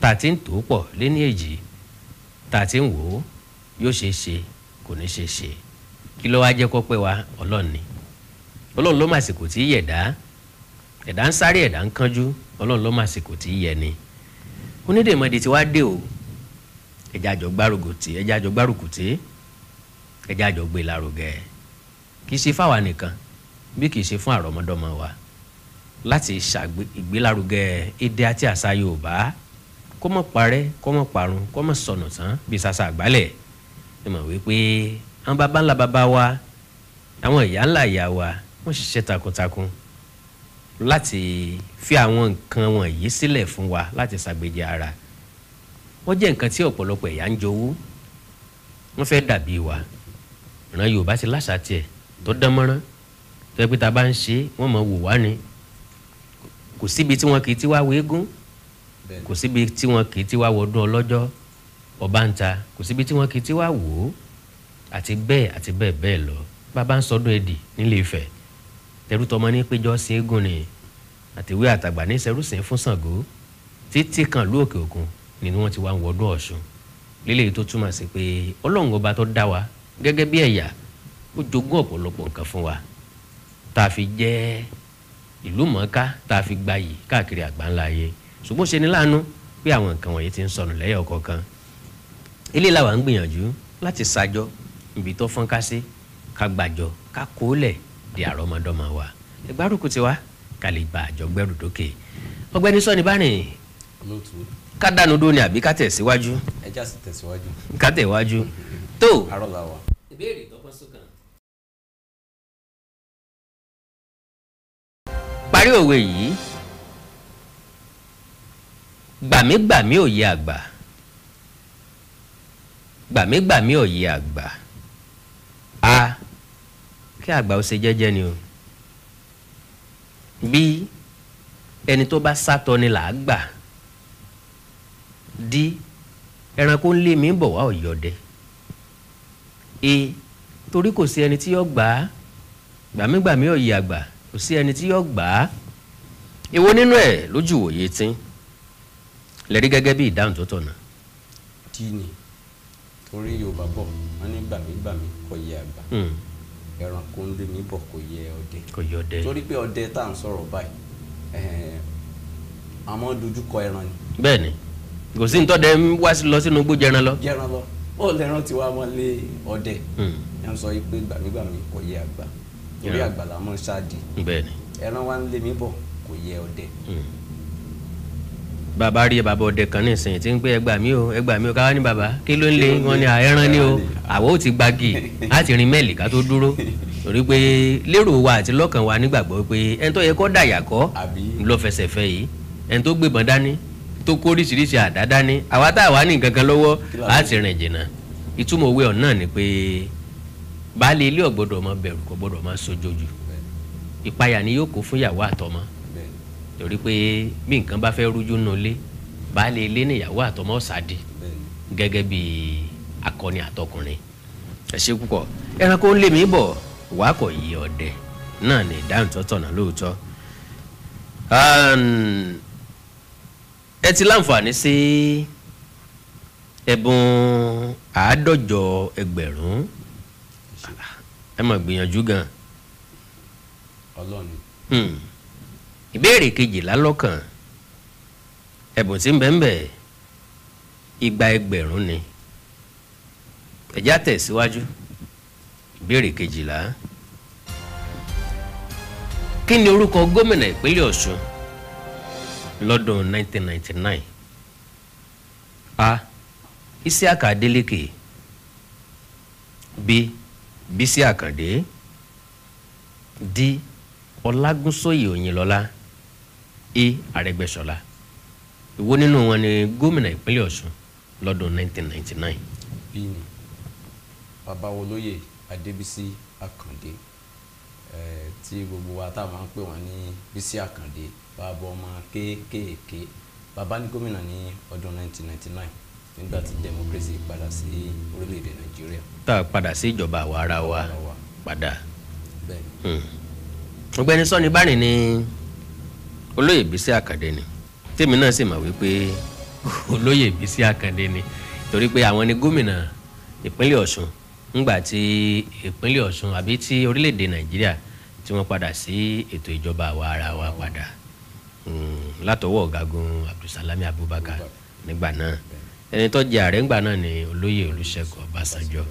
tá a ti ń tò pọ̀ léní èjì tá a ti ń wò ó yóò ṣe é ṣe kò ní ṣe é ṣe kí ló wá jẹ́ kó pẹ́ wa ọlọ́run ni ọlọ́run ló mà sì kò tí ì yẹ̀dá ẹ̀dá ń sáré ẹ̀dá ń kánjú ọlọ́run ló mà sì kò tí ì yẹ ni onídèmọ̀dì ti wá dé o ẹja àjọ gbárùkù tí ẹja àjọ gbárùkù tí ẹja àjọ gbé lárugẹ kì í ṣe fáwa nìkan bí kì í ṣe fún àrọmọdọ́mọ wa láti ṣàgbé ìgbélárugẹ èdè àti àṣà Yorùbá kó mọ̀ parẹ́ kó mọ̀ parun kó mọ̀ sọnù tán bí sasa àgbálẹ̀ ẹ mọ̀ wípé àwọn baba ńlá baba wa àwọn ìyá ńlá ìyá wa wọ́n ṣiṣẹ́ takuntakun láti fi àwọn nǹkan wọ̀nyí sílẹ̀ fún wa láti ṣàgbéjì ara wọ́n jẹ́ nǹkan tí ọ̀pọ̀lọpọ̀ ẹ̀yà ń jowú wọ́n fẹ́ dàbí wa ìran Yorùbá ti láṣà tiẹ̀ tó dán mọ́rán tó yẹ pé ta bá ń ṣe wọ́n mọ̀ wò wá ni kò síbi tí wọ́n kì í ti wá wéégún kò síbi tí wọn kì í ti wá wọdún ọlọ́jọ́ ọ̀báǹta kò síbi tí wọn kì í ti wá wò ó àti bẹ́ẹ̀ àti bẹ́ẹ̀ bẹ́ẹ̀ lọ bàbá ń sọdún èdì nílé Ifẹ̀ tẹrútọmọ ní péjọ sí eégún ni àtìwé àtàgbà ní sẹrúsìn fún Ṣàngó títí kan lú òkè òkun ni wọ́n ti wá ń wọdún Ọ̀ṣun lílẹ̀ tó túmọ̀ sí pé Ọlọ́run ọba tó dá wa gẹ́gẹ́ bí ẹ̀yà ó jogún ọ̀pọ̀lọpọ̀ nǹkan fún wa tá a fi jẹ́ ìlú mọ̀ọ́ká tá a fi gbayì káàkiri àgbáńlá ayé ṣùgbọ́n ṣe ni láàánú pé àwọn nǹkan wọ̀nyí ti ń sọnù lẹ́yọ̀ kọ̀ọ̀kan ilé làwa ń gbìyànjú láti ṣàjọ ibi tó fọ́n ká sí ká gbàjọ ká kólẹ̀ di àrọ́mọdọ́mọ wa ìgbárùkù tiwa ká lè gba àjọgbẹ́rù dókè ọgbẹ́ni sọ́ni bá rìn ká dànù dóni àbí ká tẹ̀síwájú ẹja sì tẹ̀síwájú ká tẹ̀wájú [LAUGHS] tó àrọ́ parí òwe yìí gbàmígbàmí òye àgbà gbàmígbàmí òye àgbà a kí àgbà ó ṣe jẹ́jẹ́ ni o b ẹni tó bá sátọ ni là gbà d ẹranko ń lé mi bọ̀ wá ọ̀yọ́dẹ e torí kò sí ẹni tí yọ gbà á gbàmígbàmí òye àgbà kò sí ẹni tí yọ gbà á èwo nínú ẹ̀ lójú òye tín lè rí gẹ́gẹ́ bí ìdáhùn tó tọ̀nà. tí ni torí yorùbá bọ̀ wọ́n ní gbàmígbàmí kò yẹ àgbà hmm. ẹranko ń lé mi bọ̀ kò yẹ ọdẹ kò yẹ ọdẹ torí pé ọdẹ tá à ń sọ̀rọ̀ báyìí àmọ́ dojúkọ ẹran ni. bẹ́ẹ̀ni kò sí ntọ́ dẹ ń wá lọ sínú igbó jẹran lọ. jẹran lọ ó lẹ́ran tí wàá wọ́n lé ọdẹ hmm. ẹ̀ ń sọ pé gbàmígbàmí kò yẹ àgbà torí àgbàlá mọ́ ṣáàdì ẹran wa ń lé mi bọ̀ kò yẹ ọdẹ. Hmm bàbá rí bàbá ọdẹ kan nísìnyí tí ń pé ẹgbà mí o ẹgbà mí o káwá ní bàbá kí ló ń lé wọn ni àẹran ni o àwọ̀ ò ti gbági láti rin mẹ́ẹ̀lì ká tó dúró torí pé lérò wa àti lọ́kàn wa nígbàgbọ́ pé ẹni tó yẹ kó dàyà kọ́ ló fẹsẹ̀ fẹ́ yìí ẹni tó gbébọn dání tó kó oríṣiríṣi àdá dání àwa tá a wà ní kankan lọ́wọ́ láti rìn jìnnà ìtumọ̀ òwe ọ̀nà ni pé baálé ilé ò gbọ́dọ̀ máa bẹ̀rù kò gbọ́dọ̀ máa sojoojú ìpayà ni yóò kó fún ìyàwó àtọmọ torí pé bí nǹkan bá fẹ́ rújú nù lé baálé ilé níyàwó àtọmọ ọ̀sàdì gẹ́gẹ́ bí akọni àtọkùnrin ẹ ṣe púpọ̀ ẹranko ń lé mi bọ̀ wàá kọ̀ yí ọdẹ náà ní ìdáhùn tó tọ̀nà lóòótọ́ ẹ ti láǹfààní sí ẹ̀bùn àádọ́jọ ẹgbẹ̀rún ẹ máa gbìyànjú gan. ọlọ́run. ìbéèrè kejìlá lọ́kàn ẹ̀bùn tí ń igba ẹgbẹ̀rún ni ẹ̀já tẹ̀síwájú ìbéèrè kejìlá kí ni orúkọ gómìnà ìpínlẹ̀ Ọ̀ṣun lọ́dún 1999 a Isiaka Adeleke b bisi akande d Ọlágúnsóyè Òyìnlọ́lá. A Arẹ́gbẹ́ṣọlá ìwo nínú wọn ni gómìnà ìpínlẹ̀ Ọ̀ṣun lọ́dún 1999. B ni babawolóye Adébísí Àkàndé tí gbogbo wa tá a máa ń pè wọ́n ní Bísí Àkàndé bàbá ọmọ kéékèèké bàbá ní gómìnà ní ọdún 1999 nígbà tí democracy padà sí orílẹ̀-èdè Nàìjíríà. tá a padà sí ìjọba àwa ara wa padà. bẹ́ẹ̀ ni. Hmm. ọ̀gbẹ́ni Sọ́ni Bárìn Hmm olóyè Bísí Àkàndé ni tèmi náà sì mọ̀ wípé olóyè Bísí Àkàndé ni torí pé àwọn ni gómìnà ìpínlẹ̀ Ọ̀ṣun ńgbà tí ìpínlẹ̀ Ọ̀ṣun àbí tí orílẹ̀-èdè Nàìjíríà tí wọ́n padà sí ètò ìjọba àwa ara wa padà hmm, látọwọ́ ọ̀gágun Abdulsalami Abubakar nígbà náà ẹni tó jẹ ààrẹ ńgbà náà ni olóyè Olúṣẹ́gun Ọbásanjọ́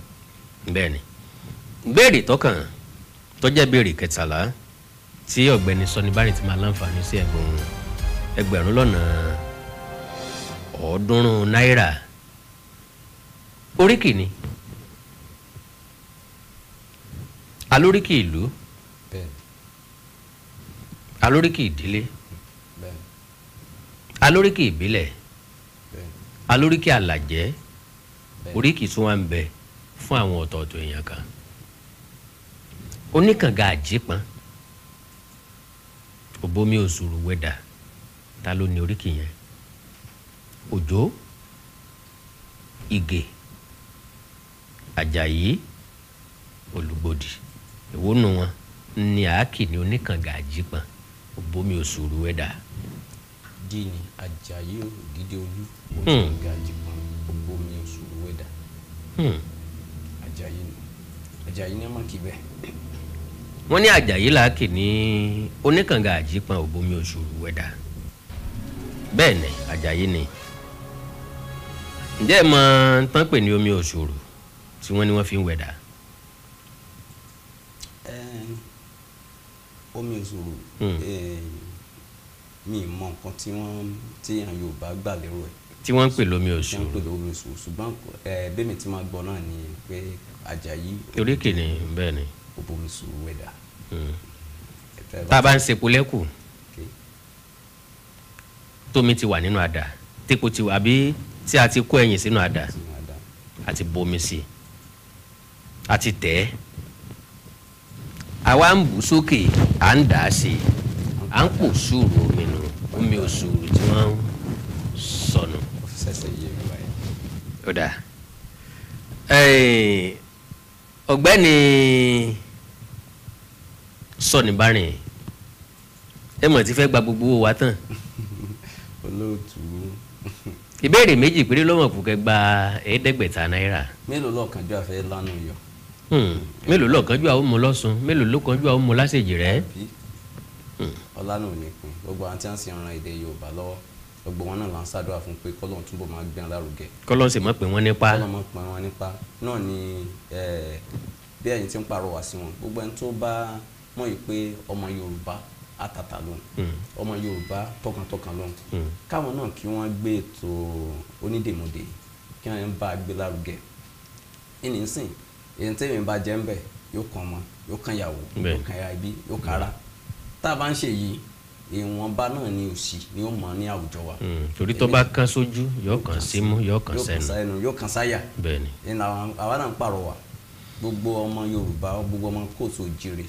bẹ́ẹ̀ ni béèrè tọkàn tó jẹ́ béèrè kẹtàlá tí ọ̀gbẹ́ni Sọni Bárìn ti máa láǹfààní sí ẹ̀bùn ẹgbẹ̀rún lọ́nà ọ̀ọ́dúnrún náírà oríkì ni alóríkì ìlú alóríkì ìdílé alóríkì ìbílẹ̀ alóríkì alàjẹ́ oríkì tún wà ń bẹ fún àwọn ọ̀tọ̀ọ̀tọ̀ èèyàn kan obomi òsùrù wẹ̀dà ta ló ní oríkì yẹn òjò ìgè àjàyí olùgbòdì èwo nu wọn ní àákì ní oníkànga àjípọn obomi òsùrù wẹ̀dà. dí ni àjàyí ògidì olú hmm. oníkànga àjípọn obomi òsùrù wẹ̀dà hmm. àjàyí ni àjàyí ni ẹ má kí wọ́n ní àjàyí làákì ní oníkànga àjípọn òbomi oṣù wẹ̀dà bẹ́ẹ̀ ni àjàyí ni ǹjẹ́ ẹ mọ̀ tán pè ní omi òṣòro tí wọ́n ní wọ́n fi ń wẹ̀dà. omi òṣòro hmm. mi mọ nǹkan tí wọ́n tí èèyàn Yorùbá gbà lérò ẹ̀. tí wọ́n ń pè lómi òṣòro. tí wọ́n ń pè lómi òṣòro ṣùgbọ́n bẹ́ẹ̀ mi ti máa gbọ́ náà ni pé Àjàyí. oríkì ni bẹ́ẹ̀ ni obomi sùúrù wẹ̀dà. tá a bá ń sepo lẹ́kù tómi ti wà nínú àdá tipo ti wà àbí tí a ti kó ẹ̀yìn sínú àdá a ti bomi sí i a ti tẹ̀ ẹ́ àwa ń bù sókè à ń dà á sí i à ń pò sùúrù omi nù omi ò tí wọ́n ń sọnù. ó ọ̀gbẹ́ni sọ̀ni bárìn ẹ mọ̀ tí fẹ́ gba gbogbo owó wa tán. [LAUGHS] ìbéèrè méjì péré lọ́mọ̀ kò kẹ́ gba ẹ̀ẹ́dẹ́gbẹ̀ta náírà. mélòó lọ́ọ̀kanjú àfẹ́ lánàá yọ. Hmm, mélòó lọ́ọ̀kanjú àwọn ọmọ lọ́sùn mélòó lọ́ọ̀kanjú àwọn ọmọ lásèjì rẹ̀. Hmm. ọlá náà ò ní pin gbogbo àwọn tí wọ́n ń sin ọ̀ràn èdè Yorùbá lọ́wọ́ gbogbo wọn náà là ń ṣàdúrà fún pé kọ́lọ́n túbọ̀ máa gbé alárugẹ. kọ́lọ́n sì mọ̀ pé wọ́n nípa. kọ́lọ́n mọ̀ pé wọ́n nípa náà ni bí ẹ̀yin ti ń pàrọwà sí wọn gbogbo ẹni tó bá mọ̀ yìí pé ọmọ Yorùbá àtàtà lòun hmm. ọmọ Yorùbá tọkàntọkàn lòun hmm. káwọn náà kí wọ́n gbé ètò onídèmọdè kí wọ́n bá gbé lárugẹ ìní sìn èyí tẹ́mi bá jẹ́ ń bẹ̀ yóò kàn ọmọ yóò kàn yàwó ibi yóò a bá ń ṣe ìwọ̀nba náà ni òṣì ni ó mọ̀ ní àwùjọ wa. Hmm, torí tó bá kán sójú yóò kàn símú yóò kàn sẹ́nu yóò kàn sáyà bẹ́ẹ̀ni. àwa náà ń pàrọwà gbogbo ọmọ Yorùbá gbogbo ọmọ kóòtù òjìrè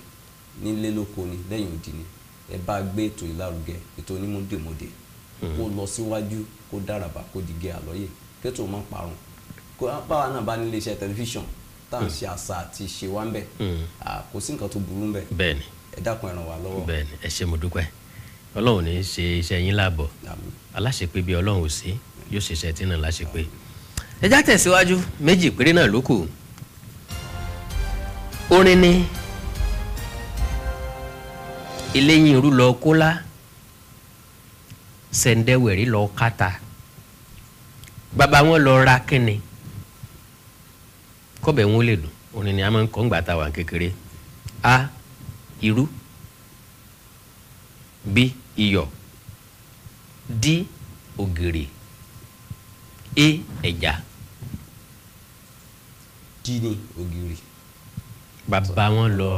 nílé lóko ni lẹ́yìn òdì ni ẹ bá gbé ètò ìlárugẹ ètò onímọ̀dèmọ̀dè hmm. kó lọ síwájú kó dáraba kó dìgẹ àlọ́yè kẹ́tò má parun kó báwa náà bá nílé iṣẹ́ tẹlifíṣàn tá à ń hmm. ṣe àṣà àti ìṣe wa ń bẹ kò sí nǹkan tó burú ń bẹ ẹ dákun ẹ ràn lọ́wọ́. bẹ́ẹ̀ni ẹ ṣé mo dúpẹ́ ọlọ́run ní í ṣe iṣẹ́ yín láàbọ̀ aláṣepé bíi ọlọ́run ò sí yóò ṣiṣẹ́ tí náà láṣepé ẹ já tẹ̀síwájú méjì péré náà ló kù orin ni eléyìí irú lọ kólá sẹ̀ǹdẹ̀wẹ̀rí lọ kàtà bàbá wọn lọ ra kínni kọ́bẹ̀ wọn lè dùn orin ni a máa ń kọ́ ń kékeré a irú b iyọ̀ d ògèrè e ẹja. d ni ògèrè. bàbá wọn lọ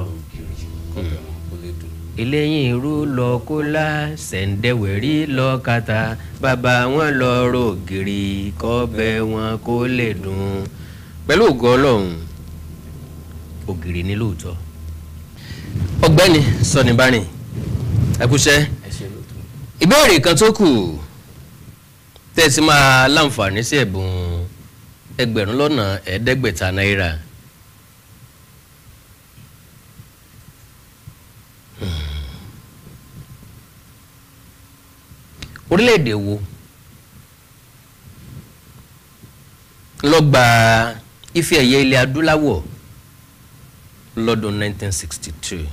eléyìn irú lọ kólá sẹ̀ǹdẹ̀wẹ̀rí lọ kàtà bàbá wọn lọ rògiri kọ́bẹ̀ wọn kó lè dùn. pẹ̀lú ògo ọlọ́run ògiri ni lóòótọ́ ọ̀gbẹ́ni sọ̀nìbárìn ẹ̀kúṣẹ́ ìbéèrè kan tó kù tẹ́sí máa láǹfààní sí ẹ̀bùn ẹgbẹ̀rún lọ́nà ẹ̀ẹ́dẹ́gbẹ̀ta náírà. Hmm. orílẹ̀-èdè wo ló gba ife ẹ̀yẹ ilẹ̀ adúláwọ̀ lọ́dún 1962.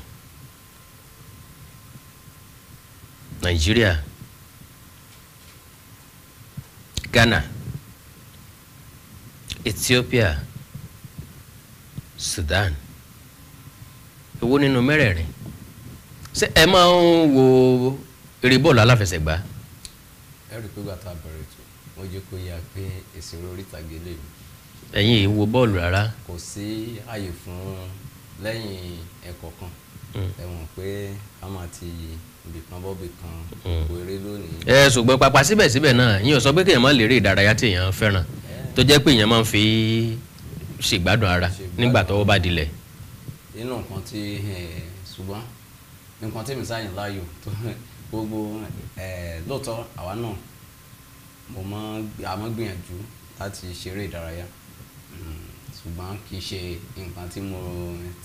Nigeria, ghana ethiopia sudan èwo nínú mẹ́rẹ̀ẹ̀rin ṣé ẹ máa ń wo eré bọ́ọ̀lù aláfẹsẹ̀gbá. ẹ rí i pé gbàtà bẹ̀rẹ̀ tó wọ́n jẹ́ kó yá pé ìṣòro oríta gélé mi. ẹ̀yin yìí wo bọ́ọ̀lù rárá. kò sí àyè fún lẹ́yìn ẹ̀kọ̀ọ̀kan hmm. ẹ mọ̀ pé a máa ti. Mm ibìkan bọ́ bìkan hmm. wèrè lónìí. ẹ ṣùgbọ́n pàpà síbẹ̀síbẹ̀ náà yín ò sọ pé kéèyàn má lè rí ìdárayá tí èèyàn fẹ́ràn tó jẹ́ pé èèyàn máa ń fi ṣègbádùn ara nígbà tọ́wọ́ bá dilẹ̀. inú nǹkan tí ṣùgbọ́n nǹkan tí mi sáyìn láàyò tó [LAUGHS] gbogbo lóòótọ́ àwa náà mo máa gbìyànjú láti ṣeré ìdárayá hmm, ṣùgbọ́n kì í ṣe nǹkan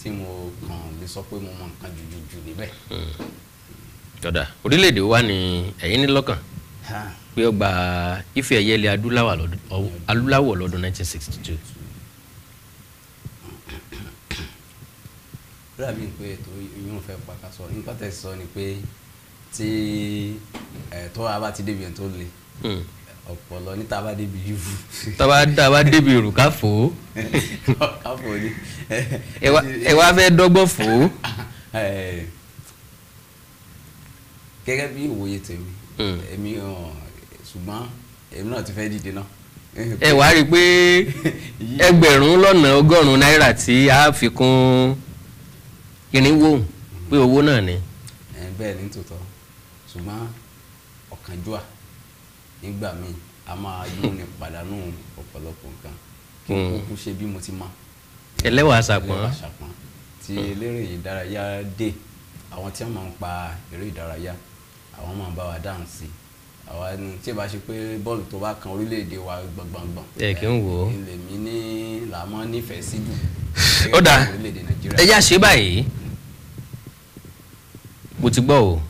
tí mo kàn lè sọ pé mo mọ nǹkan jùjùjù níbẹ̀ hmm jọ̀dà orílẹ̀-èdè wa ni ẹ̀yin ní lọ́kàn pé ó gba ife ẹ̀yẹ ilẹ̀ adúláwọ̀ lọ́dún 1962. rírà mi pé ètò ìyún fẹ́ pàkà sọ nípa tẹ̀ sọ ni pé tí ẹ̀tọ́ abá ti débi ẹ̀ tó le hmm. ọpọlọ ní tá a bá débi yíbu. tá a bá débi ìrù ká fò ó. [LAUGHS] ká fò ó ní. ẹ wá fẹ́ dọ́gbọ́n fò ó. [LAUGHS] gẹ́gẹ́ bí ìwòye tèmi hmm. èmi ṣùgbọ́n èmi náà ti fẹ́ dìde náà. ẹ wàá rí i pé [LAUGHS] ẹgbẹ̀rún lọ́nà ọgọ́rùn-ún náírà tí a fi kún irinwó pé owó náà ni. bẹ́ẹ̀ ni tòótọ́ ṣùgbọ́n ọ̀kánjúà nígbà míì a máa yún ni pàdánù ọ̀pọ̀lọpọ̀ nǹkan kí n hmm. kúkú ṣe bí mo ti mọ. ẹlẹ́wà àṣàpọ̀n ẹlẹ́wà àṣàpọ̀n ti eléré ìdárayá dé àwọn tí wọ́n máa ń pa eré ìdárayá àwọn máa bá wa dáhùn sí i àwa ni tí ì bá ṣe pé bọ́ọ̀lù tó bá kan orílẹ̀-èdè wa gbọ̀ngbọ̀ngbọ̀n. ẹ kì í wò ó. ilé mi ní làmọ́ nífẹ̀ẹ́ sí jù. [LAUGHS] ó dà ẹ yá ṣe báyìí mo ti gbọ́ o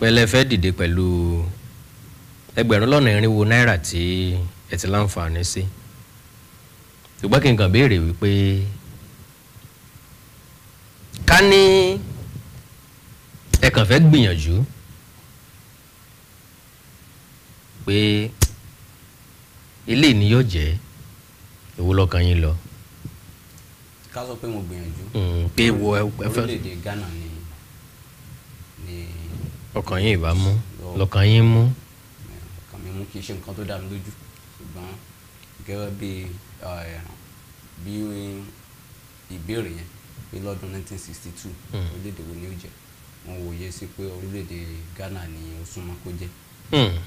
pẹ̀lẹ́ fẹ́ dìde pẹ̀lú ẹgbẹ̀rún lọ́nà irinwó náírà tí ẹ ti láǹfààní sí ṣùgbọ́n kí n kàn béèrè wípé ká ní ẹ kàn fẹ́ gbìyànjú. pé eléyìí ni yóò je, ewu lọ́kàn yín lọ. ká sọ pé mo gbìyànjú. Hmm, pé wo ẹ fẹ́. orílẹ̀-èdè Ghana ni ni. ọkàn yín ìbá mú lọ́kàn yín mú. ọkàn mi mú kì í ṣe nǹkan tó dá mi lójú ṣùgbọ́n gẹ́gẹ́ 1962 hmm. orílẹ̀-èdè wo ni ó jẹ́ mo wòye sí pé orílẹ̀-èdè Ghana ni ó súnmọ́ kó hmm.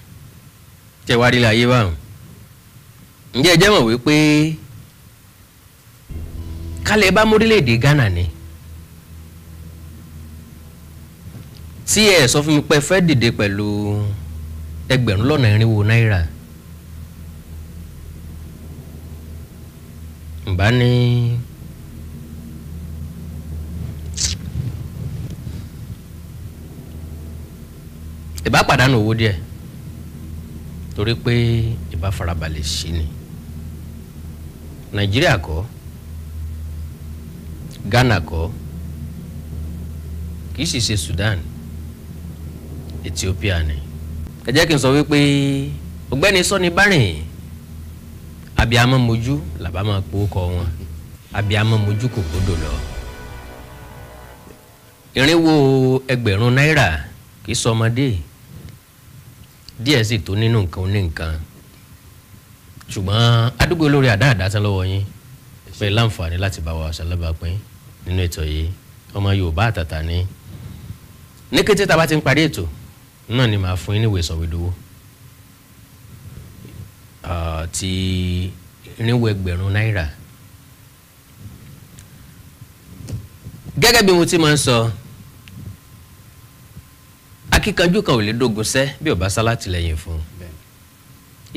tẹ wá rí láyé báwọn ǹjẹ́ ẹ jẹ́ mọ̀ wípé kálẹ̀ bá mórílẹ̀‐èdè Ghana ni tí ẹ sọ fún mi pé fẹ́ dìde pẹ̀lú ẹgbẹ̀rún lọ́nà irinwó náírà ǹbá ní ìbá pàdánù owó díẹ̀ torí pé ìbáfarabalẹ̀ sí ni nàìjíríà kọ́ ghana kọ́ kì í sì ṣe sudan ethiopia ni ẹ jẹ́ kí n sọ wípé ọgbẹ́ni sọ́ni bárìn abiyamọ mojú làbá máa pòókọ wọn abiyamọ mojú kò gbọdọ̀ lọ irínwó ẹgbẹ̀rún náírà kì í sọ ọmọdé yìí díẹ̀ sì tó nínú nǹkan oní nǹkan ṣùgbọ́n adúgbò olórí àdáàdá lọ́wọ́ yín pé láǹfààní láti bá wa ṣàlábàápín nínú ètò yìí ọmọ Yorùbá àtàtà ni ní kété tá a bá ti ń parí ètò náà ni màá fún yín níwèé sọ̀wédowó ti irinwó ẹgbẹ̀rún náírà gẹ́gẹ́ bí mo ti máa ń sọ. So, akíkanjú kan ò lè dógun sẹ́ bí ò bá sálátìlẹ́yìn fún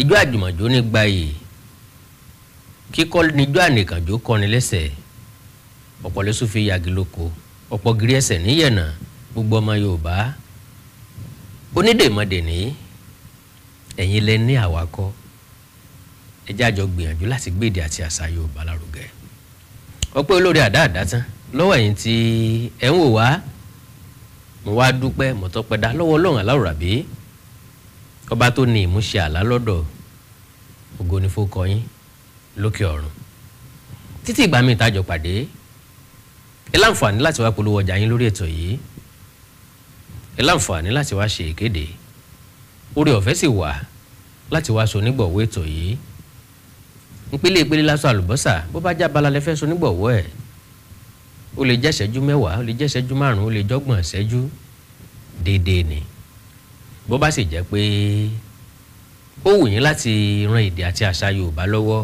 ìjọ àjùmọ̀jó ní gbayì kíkọ́ níjọ́ ànìkànjó kọrin lẹ́sẹ̀ ọ̀pọ̀ lẹ́sùn yagi lóko ọ̀pọ̀ gírí ẹsẹ̀ níyẹ̀nà gbogbo ọmọ Yorùbá onídèmọdè ní ẹ̀yin lẹ ní àwakọ́ ẹjẹ́ àjọ gbìyànjú láti gbèdè àti àṣà Yorùbá lárugẹ ọpẹ́ olórí àdáàdá tán lọ́wọ́ ẹ̀yin tí ẹ̀ ń wò wá mo wá dúpẹ́ mo tọpẹ́ dá lọ́wọ́ ọlọ́run aláwòrábí ọba tó ní ìmúṣẹ àlá lọ́dọ̀ ògo ni fókọ yín lókè ọ̀run títí ìgbà míì tájọ pàdé ẹ láǹfààní láti wá polówó ọjà yín lórí ètò yìí ẹ láǹfààní láti wá ṣe ìkéde oore ọ̀fẹ́ sì wà láti wá so onígbọ̀wọ́ ètò yìí ìpele ìpele lásán àlùbọ́sà bó bá já balẹ̀ so onígbọ̀wọ́ ẹ̀ ó lè jẹ́ ìṣẹ́jú mẹ́wàá ó lè jẹ́ ìṣẹ́jú márùn-ún ó lè jọ́gbọ̀n ìṣẹ́jú déédéé ni bó bá sì jẹ́ pé ó wù yín láti ran èdè àti àṣà Yorùbá lọ́wọ́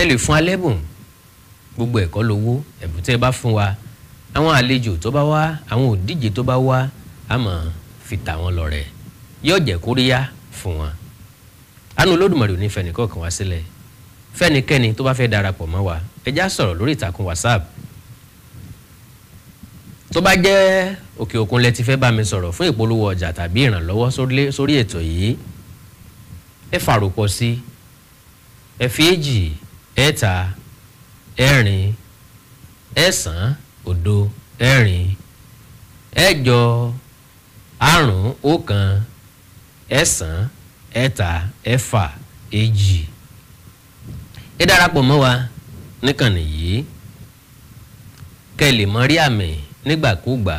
ẹ lè fún alẹ́bùn gbogbo ẹ̀kọ́ lówó ẹ̀bùn tẹ́ ẹ bá fún wa àwọn àlejò tó bá wá àwọn òdíje tó bá wá àmọ́ fi tà wọ́n lọ́rẹ yóò jẹ́ kóríyá fún wọn àánú Olódùmarè ò ní fẹ́ nìkan kan wá sílẹ̀ fẹ́nikẹ́ni tó bá fẹ́ darapọ̀ mọ́ wa ẹ já sọ̀rọ̀ lórí ìtàkùn whatsapp tó bá jẹ́ òkè òkun lẹ ti fẹ́ bá mi sọ̀rọ̀ fún ìpolówó ọjà tàbí ìrànlọ́wọ́ sórí ètò yìí ẹ fàròpọ̀ sí ẹ fi èjì ẹ̀ta ẹ̀rin ẹ̀sán òdo ẹ̀rin ẹ̀jọ àrùn ọ̀kan ẹ̀sán ẹ̀ta ẹ̀fà èjì ẹ darapọ̀ mọ́ wa níkànnì yìí kẹ́ ẹ lè mọ rí àmì nígbàkúgbà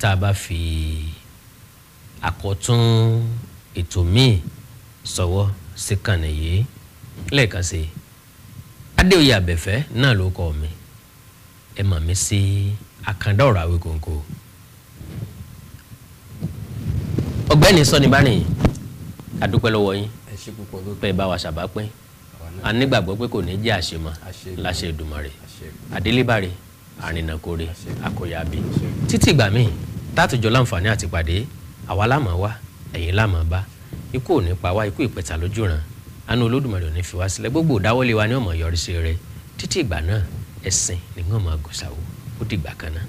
tá a bá fi àkọ́tún ètò míì sọ̀wọ́ sí kànnì yìí lẹ́ẹ̀kan sí adéoyè àbẹ̀fẹ́ náà ló kọ́ mi ẹ mọ̀ mí sí àkàndá ọ̀rọ̀ Awíkonko ọ̀gbẹ́ni sọ́ni bá nìyí a dúpẹ́ lọ́wọ́ yín pé bá wa ṣàbá a nígbàgbọ́ pé kò ní jẹ́ àṣemọ́ láṣẹ Èdùmàrè adélébàrè àrìnàkórè àkóyàbí títí ìgbà míì tátùjọ láǹfààní àti pàdé àwa lámọ̀ wá ẹ̀yin lámọ̀ bá ikú ò ní pa wá ikú ìpẹ̀tà lójú ràn àánú Olódùmarè ò ní fi wá sílẹ̀ gbogbo ìdáwọ́lé wa ní ọmọ yọrí sí rẹ títí ìgbà náà ẹ̀sìn ni wọ́n máa gòsàwò ó dìgbà kan náà.